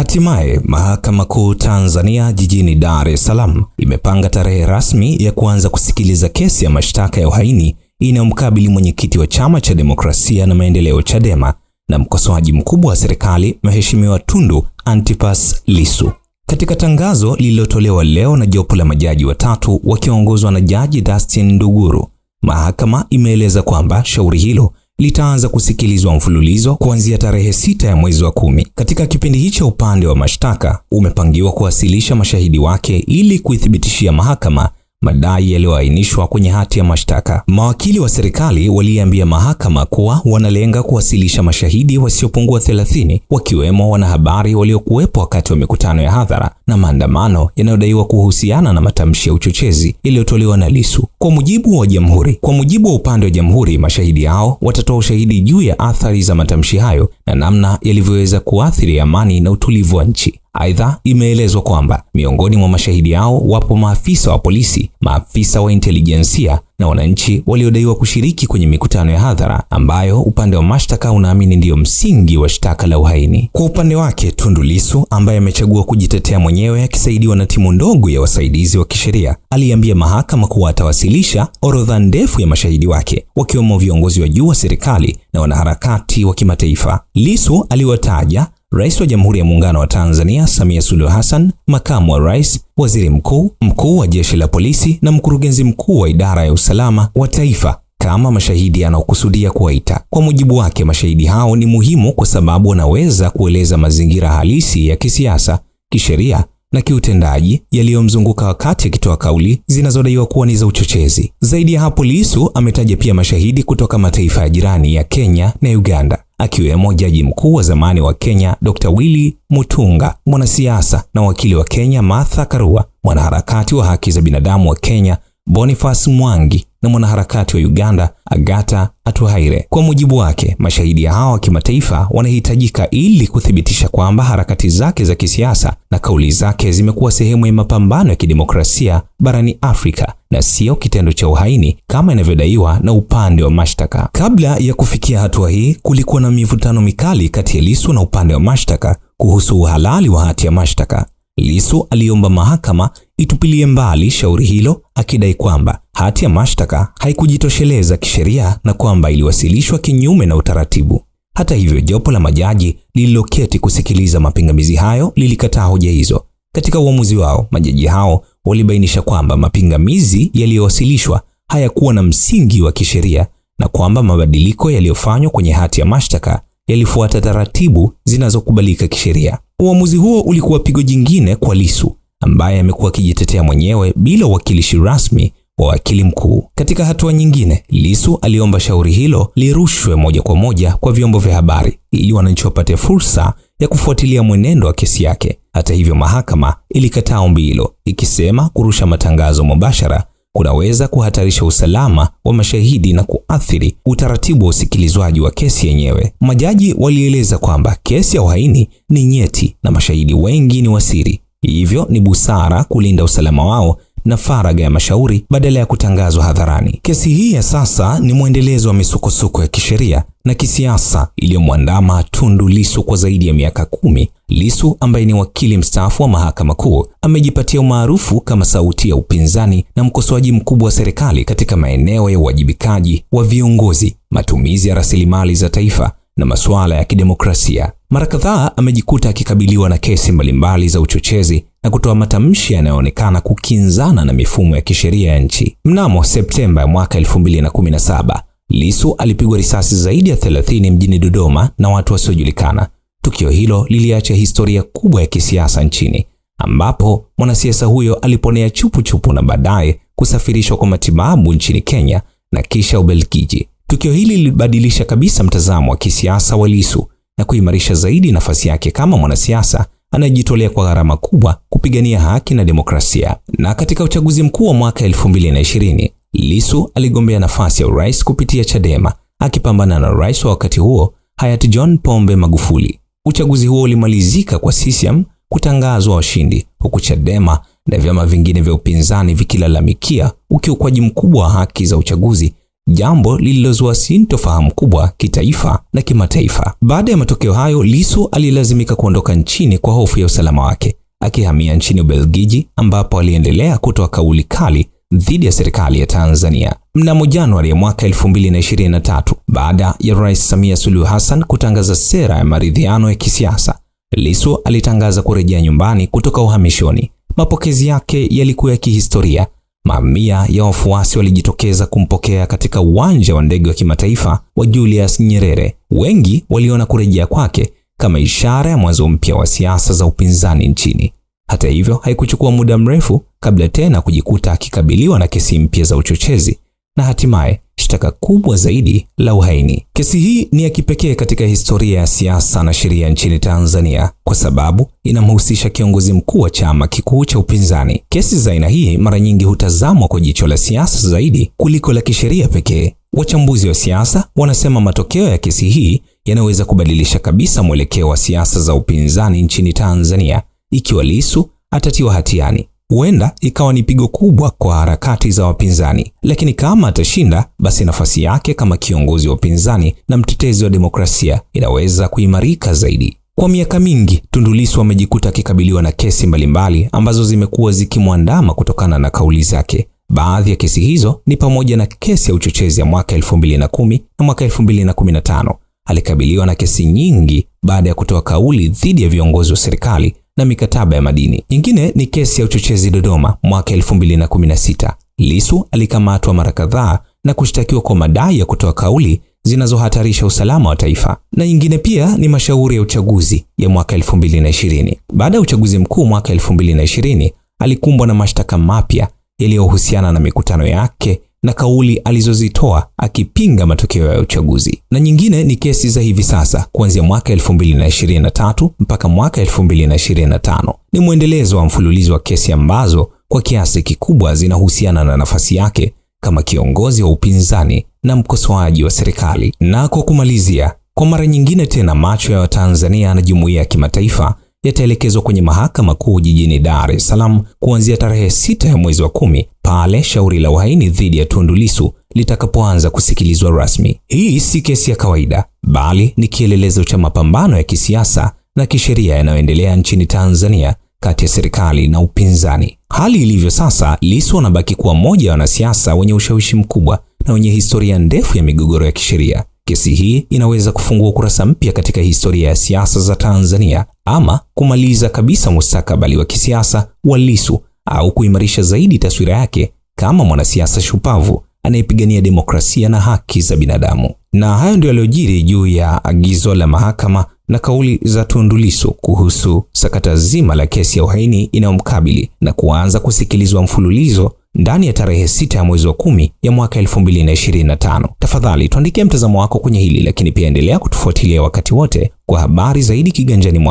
Hatimaye Mahakama Kuu Tanzania jijini Dar es Salaam imepanga tarehe rasmi ya kuanza kusikiliza kesi ya mashtaka ya uhaini inayomkabili mwenyekiti wa Chama cha Demokrasia na Maendeleo Chadema na mkosoaji mkubwa wa serikali Mheshimiwa Tundu Antipas Lissu. Katika tangazo lililotolewa leo na jopo la majaji watatu wakiongozwa na Jaji Dustin Nduguru, mahakama imeeleza kwamba shauri hilo litaanza kusikilizwa mfululizo kuanzia tarehe sita ya mwezi wa kumi. Katika kipindi hicho, upande wa mashtaka umepangiwa kuwasilisha mashahidi wake ili kuithibitishia mahakama madai yaliyoainishwa kwenye hati ya mashtaka. Mawakili wa serikali waliambia mahakama kuwa wanalenga kuwasilisha mashahidi wasiopungua 30 wakiwemo wanahabari waliokuwepo wakati wa mikutano ya hadhara na maandamano yanayodaiwa kuhusiana na matamshi ya uchochezi yaliyotolewa na lisu kwa mujibu wa jamhuri. Kwa mujibu wa upande wa jamhuri, mashahidi hao watatoa ushahidi juu ya athari za matamshi hayo na namna yalivyoweza kuathiri amani na utulivu wa nchi. Aidha, imeelezwa kwamba miongoni mwa mashahidi hao wapo maafisa wa polisi, maafisa wa intelijensia na wananchi waliodaiwa kushiriki kwenye mikutano ya hadhara ambayo upande wa mashtaka unaamini ndiyo msingi wa shtaka la uhaini. Kwa upande wake, Tundu Lissu ambaye amechagua kujitetea mwenyewe akisaidiwa na timu ndogo ya wasaidizi wa kisheria aliambia mahakama kuwa atawasilisha orodha ndefu ya mashahidi wake wakiwemo viongozi wa juu wa serikali na wanaharakati wa kimataifa. Lissu aliwataja Rais wa Jamhuri ya Muungano wa Tanzania Samia Suluhu Hassan, makamu wa rais, waziri mkuu, mkuu wa jeshi la polisi na mkurugenzi mkuu wa idara ya usalama wa taifa kama mashahidi anaokusudia kuwaita. Kwa mujibu wake, mashahidi hao ni muhimu kwa sababu wanaweza kueleza mazingira halisi ya kisiasa, kisheria na kiutendaji yaliyomzunguka wakati akitoa kauli zinazodaiwa kuwa ni za uchochezi. Zaidi ya hapo, Lissu ametaja pia mashahidi kutoka mataifa ya jirani ya Kenya na Uganda akiwemo jaji mkuu wa zamani wa Kenya Dr. Willy Mutunga, mwanasiasa na wakili wa Kenya Martha Karua, mwanaharakati wa haki za binadamu wa Kenya Boniface Mwangi na mwanaharakati wa Uganda Agata Atuhaire. Kwa mujibu wake, mashahidi hao wa kimataifa wanahitajika ili kuthibitisha kwamba harakati zake za kisiasa na kauli zake zimekuwa sehemu ya mapambano ya kidemokrasia barani Afrika na sio kitendo cha uhaini kama inavyodaiwa na upande wa mashtaka. Kabla ya kufikia hatua hii, kulikuwa na mivutano mikali kati ya Lissu na upande wa mashtaka kuhusu uhalali wa hati ya mashtaka. Lissu aliomba mahakama itupilie mbali shauri hilo akidai kwamba hati ya mashtaka haikujitosheleza kisheria na kwamba iliwasilishwa kinyume na utaratibu. Hata hivyo, jopo la majaji lililoketi kusikiliza mapingamizi hayo lilikataa hoja hizo. Katika uamuzi wao, majaji hao walibainisha kwamba mapingamizi yaliyowasilishwa hayakuwa na msingi wa kisheria na kwamba mabadiliko yaliyofanywa kwenye hati ya mashtaka yalifuata taratibu zinazokubalika kisheria. Uamuzi huo ulikuwa pigo jingine kwa Lissu ambaye amekuwa akijitetea mwenyewe bila uwakilishi rasmi wa wakili mkuu. Katika hatua nyingine, Lissu aliomba shauri hilo lirushwe moja kwa moja kwa vyombo vya habari ili wananchi wapate fursa ya kufuatilia mwenendo wa kesi yake. Hata hivyo, mahakama ilikataa ombi hilo ikisema kurusha matangazo mubashara kunaweza kuhatarisha usalama wa mashahidi na kuathiri utaratibu wa usikilizwaji wa kesi yenyewe. Majaji walieleza kwamba kesi ya uhaini ni nyeti na mashahidi wengi ni wasiri, hivyo ni busara kulinda usalama wao na faragha ya mashauri badala ya kutangazwa hadharani. Kesi hii ya sasa ni mwendelezo wa misukosuko ya kisheria na kisiasa iliyomwandama Tundu Lissu kwa zaidi ya miaka kumi. Lissu ambaye ni wakili mstaafu wa mahakama kuu amejipatia umaarufu kama sauti ya upinzani na mkosoaji mkubwa wa serikali katika maeneo ya uwajibikaji wa viongozi, matumizi ya rasilimali za taifa na masuala ya kidemokrasia. Mara kadhaa amejikuta akikabiliwa na kesi mbalimbali za uchochezi na kutoa matamshi yanayoonekana kukinzana na mifumo ya kisheria ya nchi. Mnamo Septemba ya mwaka 2017, Lissu alipigwa risasi zaidi ya 30 mjini Dodoma na watu wasiojulikana. Tukio hilo liliacha historia kubwa ya kisiasa nchini, ambapo mwanasiasa huyo aliponea chupu chupu na baadaye kusafirishwa kwa matibabu nchini Kenya na kisha Ubelgiji. Tukio hili lilibadilisha kabisa mtazamo wa kisiasa wa Lissu na kuimarisha zaidi nafasi yake kama mwanasiasa anayejitolea kwa gharama kubwa kupigania haki na demokrasia. Na katika uchaguzi mkuu wa mwaka 2020, Lissu aligombea nafasi ya urais kupitia Chadema akipambana na rais wa wakati huo hayati John Pombe Magufuli. Uchaguzi huo ulimalizika kwa CCM kutangazwa washindi, huku Chadema na vyama vingine vya upinzani vikilalamikia ukiukwaji mkubwa wa haki za uchaguzi jambo lililozua sintofahamu kubwa kitaifa na kimataifa. Baada ya matokeo hayo, Lissu alilazimika kuondoka nchini kwa hofu ya usalama wake, akihamia nchini Ubelgiji ambapo aliendelea kutoa kauli kali dhidi ya serikali ya Tanzania. Mnamo Januari ya mwaka 2023, baada ya Rais Samia Suluhu Hassan kutangaza sera ya maridhiano ya kisiasa, Lissu alitangaza kurejea nyumbani kutoka uhamishoni. Mapokezi yake yalikuwa ya kihistoria Mamia ya wafuasi walijitokeza kumpokea katika uwanja wa ndege wa kimataifa wa Julius Nyerere. Wengi waliona kurejea kwake kama ishara ya mwanzo mpya wa siasa za upinzani nchini. Hata hivyo, haikuchukua muda mrefu kabla tena kujikuta akikabiliwa na kesi mpya za uchochezi na hatimaye shtaka kubwa zaidi la uhaini. Kesi hii ni ya kipekee katika historia ya siasa na sheria nchini Tanzania kwa sababu inamhusisha kiongozi mkuu wa chama kikuu cha upinzani. Kesi za aina hii mara nyingi hutazamwa kwa jicho la siasa zaidi kuliko la kisheria pekee. Wachambuzi wa siasa wanasema matokeo ya kesi hii yanaweza kubadilisha kabisa mwelekeo wa siasa za upinzani nchini Tanzania ikiwa Lissu atatiwa hatiani Huenda ikawa ni pigo kubwa kwa harakati za wapinzani, lakini kama atashinda, basi nafasi yake kama kiongozi wa upinzani na mtetezi wa demokrasia inaweza kuimarika zaidi. Kwa miaka mingi Tundu Lissu amejikuta akikabiliwa na kesi mbalimbali ambazo zimekuwa zikimwandama kutokana na kauli zake. Baadhi ya kesi hizo ni pamoja na kesi ya uchochezi ya mwaka 2010 na mwaka 2015. Alikabiliwa na kesi nyingi baada ya kutoa kauli dhidi ya viongozi wa serikali na mikataba ya madini. Nyingine ni kesi ya uchochezi Dodoma mwaka 2016. Lisu alikamatwa mara kadhaa na kushtakiwa kwa madai ya kutoa kauli zinazohatarisha usalama wa taifa. Na nyingine pia ni mashauri ya uchaguzi ya mwaka 2020. Baada ya uchaguzi mkuu mwaka 2020, alikumbwa na mashtaka mapya yaliyohusiana na mikutano yake na kauli alizozitoa akipinga matokeo ya uchaguzi, na nyingine ni kesi za hivi sasa kuanzia mwaka 2023 mpaka mwaka 2025. Ni mwendelezo wa mfululizo wa kesi ambazo kwa kiasi kikubwa zinahusiana na nafasi yake kama kiongozi wa upinzani na mkosoaji wa serikali. Na kwa kumalizia, kwa mara nyingine tena macho ya Watanzania na jumuiya ya kimataifa yataelekezwa kwenye Mahakama Kuu jijini Dar es Salaam kuanzia tarehe sita ya mwezi wa kumi pale shauri la uhaini dhidi ya Tundu Lissu litakapoanza kusikilizwa rasmi. Hii si kesi ya kawaida, bali ni kielelezo cha mapambano ya kisiasa na kisheria yanayoendelea nchini Tanzania kati ya serikali na upinzani. Hali ilivyo sasa, Lissu anabaki kuwa mmoja wa wanasiasa wenye ushawishi mkubwa na wenye historia ndefu ya migogoro ya kisheria. Kesi hii inaweza kufungua ukurasa mpya katika historia ya siasa za Tanzania ama kumaliza kabisa mustakabali wa kisiasa wa Lissu au kuimarisha zaidi taswira yake kama mwanasiasa shupavu anayepigania demokrasia na haki za binadamu. Na hayo ndio yaliyojiri juu ya agizo la mahakama na kauli za Tundu Lissu kuhusu sakata zima la kesi ya uhaini inayomkabili na kuanza kusikilizwa mfululizo ndani ya tarehe sita ya mwezi wa kumi ya mwaka 2025. Tafadhali tuandikie mtazamo wako kwenye hili, lakini pia endelea kutufuatilia wakati wote kwa habari zaidi kiganjani mwako.